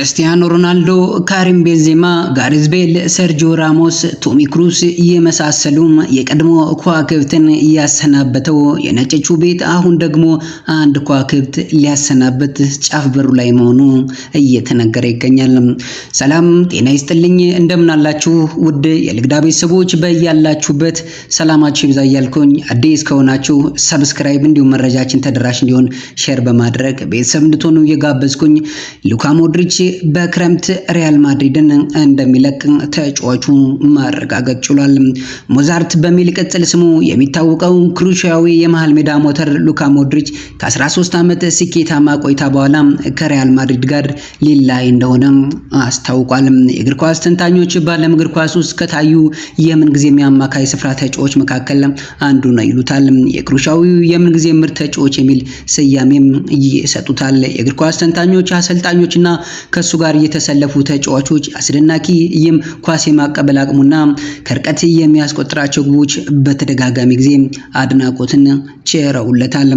ክርስቲያኖ ሮናልዶ፣ ካሪም ቤንዜማ፣ ጋሪዝ ቤል፣ ሰርጂዮ ራሞስ፣ ቶሚ ክሩስ እየመሳሰሉም የቀድሞ ከዋክብትን ያሰናበተው የነጨቹ ቤት አሁን ደግሞ አንድ ከዋክብት ሊያሰናበት ጫፍ በሩ ላይ መሆኑ እየተነገረ ይገኛል። ሰላም ጤና ይስጥልኝ፣ እንደምናላችሁ ውድ የልግዳ ቤተሰቦች በያላችሁበት ሰላማችሁ ይብዛ እያልኩኝ አዲስ ከሆናችሁ ሰብስክራይብ እንዲሁም መረጃችን ተደራሽ እንዲሆን ሼር በማድረግ ቤተሰብ እንድትሆኑ እየጋበዝኩኝ ሉካ ሞድሪች በክረምት ሪያል ማድሪድን እንደሚለቅ ተጫዋቹ ማረጋገጥ ችሏል። ሞዛርት በሚል ቅጽል ስሙ የሚታወቀው ክሩሻዊ የመሃል ሜዳ ሞተር ሉካ ሞድሪች ከ13 ዓመት ስኬታማ ቆይታ በኋላ ከሪያል ማድሪድ ጋር ሊላይ እንደሆነ አስታውቋል። የእግር ኳስ ተንታኞች በዓለም እግር ኳስ ውስጥ ከታዩ የምንጊዜም የአማካይ ስፍራ ተጫዋች መካከል አንዱ ነው ይሉታል። የምን የምንጊዜ ምርጥ ተጫዋች የሚል ስያሜም ይሰጡታል። የእግር ኳስ ተንታኞች፣ አሰልጣኞችና ከሱ ጋር የተሰለፉ ተጫዋቾች አስደናቂ ይም ኳስ የማቀበል አቅሙና ከርቀት የሚያስቆጥራቸው ግቦች በተደጋጋሚ ጊዜ አድናቆትን ቸረውለታል።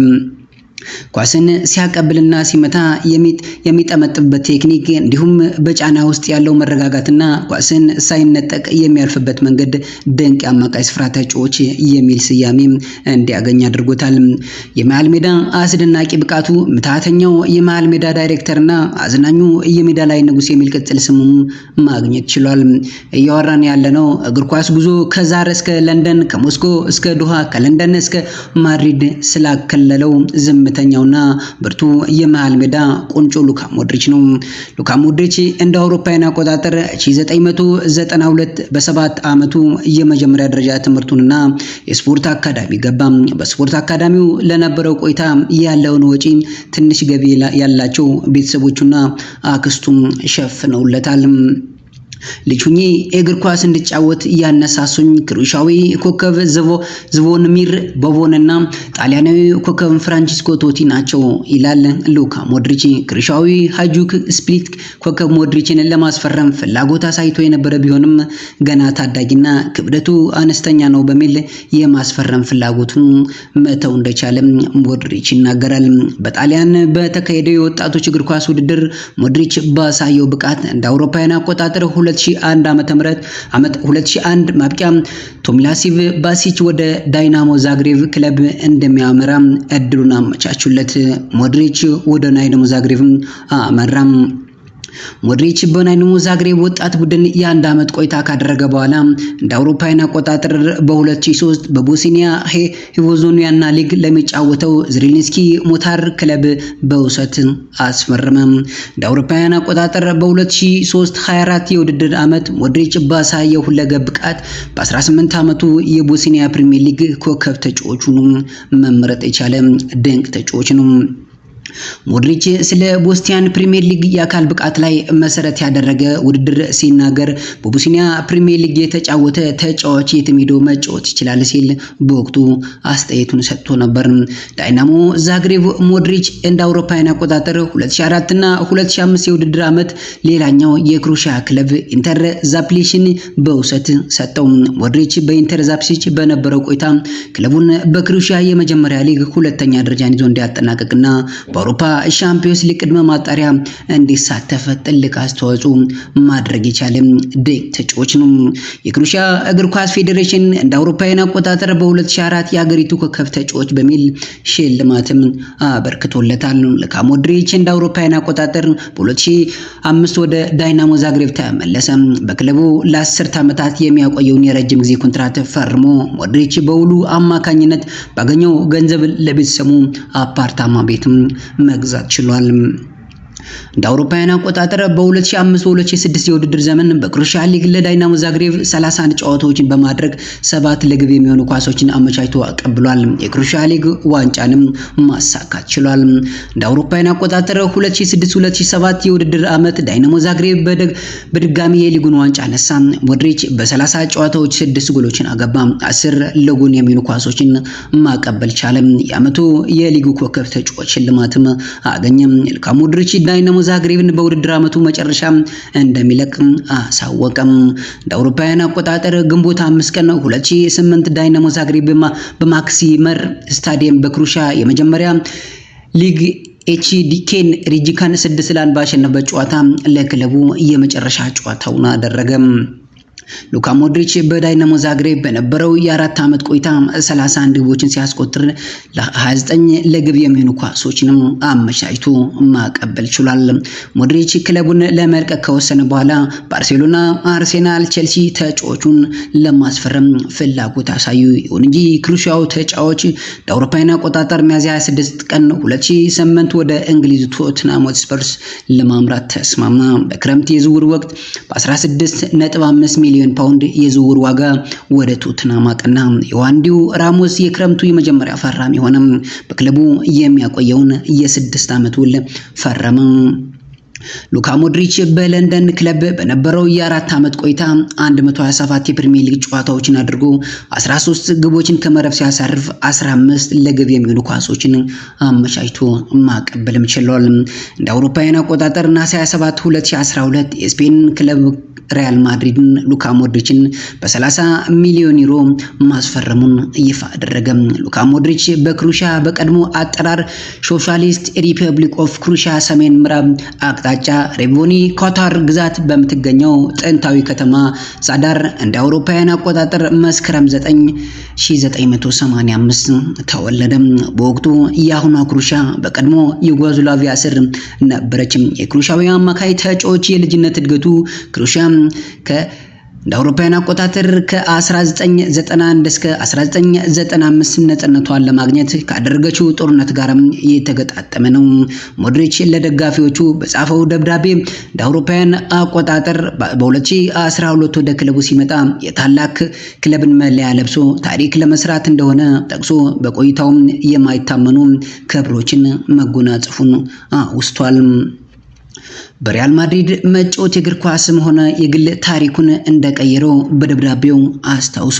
ኳስን ሲያቀብልና ሲመታ የሚጠመጥበት ቴክኒክ እንዲሁም በጫና ውስጥ ያለው መረጋጋትና ኳስን ሳይነጠቅ የሚያልፍበት መንገድ ድንቅ የአማካይ ስፍራ ተጫዎች የሚል ስያሜ እንዲያገኝ አድርጎታል። የመሃል ሜዳ አስደናቂ ብቃቱ ምታተኛው የመሃል ሜዳ ዳይሬክተርና አዝናኙ የሜዳ ላይ ንጉስ የሚል ቅጽል ስሙም ማግኘት ችሏል። እያወራን ያለነው እግር ኳስ ጉዞ ከዛር እስከ ለንደን፣ ከሞስኮ እስከ ዱሃ፣ ከለንደን እስከ ማድሪድ ስላከለለው ዝምታ እውነተኛውና ብርቱ የመሃል ሜዳ ቁንጮ ሉካ ሞድሪች ነው። ሉካ ሞድሪች እንደ አውሮፓውያን አቆጣጠር 1992 በሰባት ዓመቱ የመጀመሪያ ደረጃ ትምህርቱንና የስፖርት አካዳሚ ገባ። በስፖርት አካዳሚው ለነበረው ቆይታ ያለውን ወጪ ትንሽ ገቢ ያላቸው ቤተሰቦቹና አክስቱም ሸፍነውለታል። ልጅ እግር ኳስ እንድጫወት እያነሳሱኝ ክሩሻዊ ኮከብ ዝቮንሚር ቦቦንና ጣሊያናዊ ኮከብ ፍራንቺስኮ ቶቲ ናቸው ይላል ሉካ ሞድሪች። ክሩሻዊ ሃጁክ ስፕሊት ኮከብ ሞድሪችን ለማስፈረም ፍላጎት አሳይቶ የነበረ ቢሆንም ገና ታዳጊና ክብደቱ አነስተኛ ነው በሚል የማስፈረም ፍላጎቱን መተው እንደቻለ ሞድሪች ይናገራል። በጣሊያን በተካሄደው የወጣቶች እግር ኳስ ውድድር ሞድሪች ባሳየው ብቃት እንደ አውሮፓውያን አቆጣጠር 2001 ዓ.ም ዓመት 2001 ማብቂያ ቶሚላሲቭ ባሲች ወደ ዳይናሞ ዛግሬቭ ክለብ እንደሚያመራ እድሉን አመቻቹለት። ሞድሪች ወደ ዳይናሞ ዛግሬቭ አመራም። ሞድሪች በናይንሞ ዛግሬብ ወጣት ቡድን የአንድ ዓመት ቆይታ ካደረገ በኋላ እንደ አውሮፓውያን አቆጣጠር በ2003 በቦስኒያ ሄርዞጎኒያና ሊግ ለሚጫወተው ዝሪሊንስኪ ሞታር ክለብ በውሰት አስፈረመ። እንደ አውሮፓውያን አቆጣጠር በ2003 24 የውድድር ዓመት ሞድሪች ባሳየው ሁለገብ ብቃት በ18 ዓመቱ የቦስኒያ ፕሪሚየር ሊግ ኮከብ ተጫዎቹ ሆኖ መመረጥ የቻለ ድንቅ ተጫዋች ነው። ሞድሪች ስለ ቦስቲያን ፕሪሚየር ሊግ የአካል ብቃት ላይ መሰረት ያደረገ ውድድር ሲናገር በቦስኒያ ፕሪሚየር ሊግ የተጫወተ ተጫዋች የትም ሄዶ መጫወት ይችላል ሲል በወቅቱ አስተያየቱን ሰጥቶ ነበር። ዳይናሞ ዛግሬቭ ሞድሪች እንደ አውሮፓውያን አቆጣጠር 2004 እና 2005 የውድድር ዓመት ሌላኛው የክሮሻ ክለብ ኢንተር ዛፕሊሽን በውሰት ሰጠው። ሞድሪች በኢንተር ዛፕሲች በነበረው ቆይታ ክለቡን በክሩሻ የመጀመሪያ ሊግ ሁለተኛ ደረጃን ይዞ እንዲያጠናቀቅና በአውሮፓ ሻምፒዮንስ ሊግ ቅድመ ማጣሪያ እንዲሳተፍ ትልቅ አስተዋጽኦ ማድረግ የቻለም ድንቅ ተጫዋች ነው። የክሩሺያ እግር ኳስ ፌዴሬሽን እንደ አውሮፓውያን አቆጣጠር በ2004 የአገሪቱ ኮከብ ተጫዋች በሚል ሽልማትም አበርክቶለታል። ሉካ ሞድሪች እንደ አውሮፓውያን አቆጣጠር በ2005 ወደ ዳይናሞ ዛግሬብ ተመለሰ። በክለቡ ለአስርት ዓመታት የሚያቆየውን የረጅም ጊዜ ኮንትራት ፈርሞ ሞድሪች በውሉ አማካኝነት ባገኘው ገንዘብ ለቤተሰቡ አፓርታማ ቤትም መግዛት ችሏል። እንደ አውሮፓውያን አቆጣጠር በ2005-2006 የውድድር ዘመን በክሩሻ ሊግ ለዳይናሞ ዛግሬቭ 31 ጨዋታዎችን በማድረግ ሰባት ለግብ የሚሆኑ ኳሶችን አመቻችቶ አቀብሏል። የክሩሺያ ሊግ ዋንጫንም ማሳካት ችሏል። እንደ አውሮፓውያን አቆጣጠር 2006-2007 የውድድር ዓመት ዳይናሞ ዛግሬቭ በድጋሚ የሊጉን ዋንጫ አነሳ። ሞድሪች በ30 ጨዋታዎች 6 ጎሎችን አገባ። 10 ለጎን የሚሆኑ ኳሶችን ማቀበል ቻለ። የዓመቱ የሊጉ ኮከብ ተጫዋች ሽልማትም አገኘ። ልካ ሞድሪች ላይ ደግሞ ዛግሬብን በውድድር ዓመቱ መጨረሻ እንደሚለቅም አሳወቀም። እንደ አውሮፓውያን አቆጣጠር ግንቦት አምስት ቀን 2008 ዳይናሞ ዛግሬብ በማክሲመር ስታዲየም በክሩሻ የመጀመሪያ ሊግ ኤችዲኬን ሪጂካን ስድስት ለአንድ ባሸነፈበት ጨዋታ ለክለቡ የመጨረሻ ጨዋታውን አደረገም። ሉካ ሞድሪች በዳይናሞ ዛግሬብ በነበረው የአራት ዓመት ቆይታ 31 ግቦችን ሲያስቆጥር ለ29 ለግብ የሚሆኑ ኳሶችንም አመቻችቶ ማቀበል ችሏል። ሞድሪች ክለቡን ለመልቀቅ ከወሰነ በኋላ ባርሴሎና፣ አርሴናል፣ ቼልሲ ተጫዋቹን ለማስፈረም ፍላጎት አሳዩ። ይሁን እንጂ ክሩሲያው ተጫዋች ለአውሮፓውያን አቆጣጠር ሚያዝያ 26 ቀን 2008 ወደ እንግሊዝ ቶትናም ሆትስፐርስ ለማምራት ተስማማ። በክረምት የዝውውር ወቅት በ16.5 ሚሊዮን ሚሊዮን ፓውንድ የዝውውር ዋጋ ወደ ቶትናም አቀና። የዋንዲው ራሞስ የክረምቱ የመጀመሪያ ፈራሚ ሆነም። በክለቡ የሚያቆየውን የስድስት ዓመት ውል ፈረመ። ሉካ ሞድሪች በለንደን ክለብ በነበረው የአራት ዓመት ቆይታ 127 የፕሪሚየር ሊግ ጨዋታዎችን አድርጎ 13 ግቦችን ከመረብ ሲያሳርፍ 15 ለግብ የሚሆኑ ኳሶችን አመቻችቶ ማቀበልም ችሏል። እንደ አውሮፓውያን አቆጣጠር ነሐሴ 27 2012 የስፔን ክለብ ሪያል ማድሪድን ሉካ ሞድሪችን በ30 ሚሊዮን ዩሮ ማስፈረሙን ይፋ አደረገ። ሉካ ሞድሪች በክሩሻ በቀድሞ አጠራር ሶሻሊስት ሪፐብሊክ ኦፍ ክሩሻ ሰሜን ምዕራብ አቅጣጫ ሬቮኒ ኮታር ግዛት በምትገኘው ጥንታዊ ከተማ ዛዳር እንደ አውሮፓውያን አቆጣጠር መስከረም 1985 ተወለደ። በወቅቱ የአሁኗ ክሩሻ በቀድሞ ዩጎዝላቪያ ስር ነበረች። የክሩሻዊ አማካይ ተጫዋች የልጅነት እድገቱ ክሩሻ እንደ አውሮፓውያን አቆጣጠር ከ1991 እስከ 1995 ነፃነቷን ለማግኘት ካደረገችው ጦርነት ጋርም የተገጣጠመ ነው። ሞድሪች ለደጋፊዎቹ በጻፈው ደብዳቤ እንደ አውሮፓውያን አቆጣጠር በ2012 ወደ ክለቡ ሲመጣ የታላቅ ክለብን መለያ ለብሶ ታሪክ ለመስራት እንደሆነ ጠቅሶ በቆይታውም የማይታመኑ ክብሮችን መጎናጸፉን አውስቷል። በሪያል ማድሪድ መጫወት የእግር ኳስም ሆነ የግል ታሪኩን እንደቀየረው በደብዳቤው አስታውሶ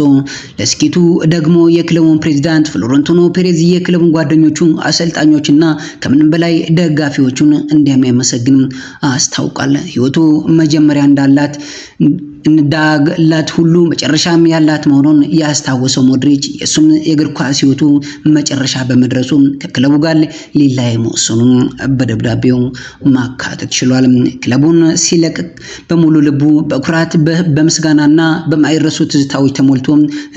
ለስኬቱ ደግሞ የክለቡን ፕሬዚዳንት ፍሎረንቲኖ ፔሬዝ፣ የክለቡን ጓደኞቹ፣ አሰልጣኞችና ከምንም በላይ ደጋፊዎቹን እንደሚያመሰግን አስታውቃል። ህይወቱ መጀመሪያ እንዳላት እንዳላት ሁሉ መጨረሻም ያላት መሆኑን ያስታወሰው ሞድሪች የእሱም የእግር ኳስ ሕይወቱ መጨረሻ በመድረሱ ከክለቡ ጋር ሌላ መወሰኑን በደብዳቤው ማካተት ችሏል። ክለቡን ሲለቅ በሙሉ ልቡ በኩራት በምስጋናና በማይረሱ ትዝታዎች ተሞልቶ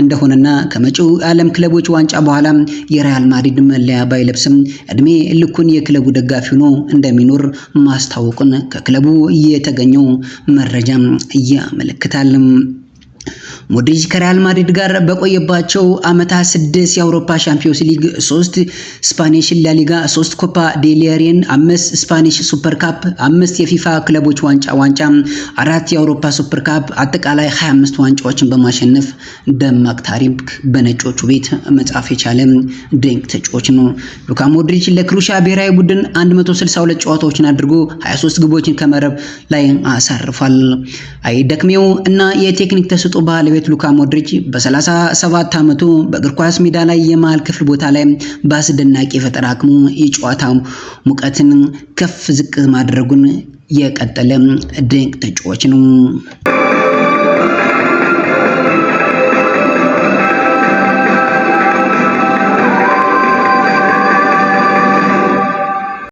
እንደሆነና ከመጪው ዓለም ክለቦች ዋንጫ በኋላ የሪያል ማድሪድ መለያ ባይለብስም እድሜ ልኩን የክለቡ ደጋፊ ሆኖ እንደሚኖር ማስታወቁን ከክለቡ የተገኘው መረጃ እያመለክታል። እንመለከታለን። ሞድሪጅ ከሪያል ማድሪድ ጋር በቆየባቸው ዓመታት ስድስት የአውሮፓ ሻምፒዮንስ ሊግ፣ ሶስት ስፓኒሽ ላሊጋ፣ ሶስት ኮፓ ዴሌሬን፣ አምስት ስፓኒሽ ሱፐር ካፕ፣ አምስት የፊፋ ክለቦች ዋንጫ ዋንጫ፣ አራት የአውሮፓ ሱፐር ካፕ፣ አጠቃላይ 25 ዋንጫዎችን በማሸነፍ ደማቅ ታሪክ በነጮቹ ቤት መጻፍ የቻለ ድንቅ ተጫዋች ነው። ሉካ ሞድሪች ለክሩሻ ብሔራዊ ቡድን 162 ጨዋታዎችን አድርጎ 23 ግቦችን ከመረብ ላይ አሳርፏል። አይደክሜው እና የቴክኒክ ተሰጥኦ ባለቤት ቤት ሉካ ሞድሪች በ37 ዓመቱ በእግር ኳስ ሜዳ ላይ የመሃል ክፍል ቦታ ላይ በአስደናቂ የፈጠራ አቅሙ የጨዋታ ሙቀትን ከፍ ዝቅ ማድረጉን የቀጠለ ድንቅ ተጫዋች ነው።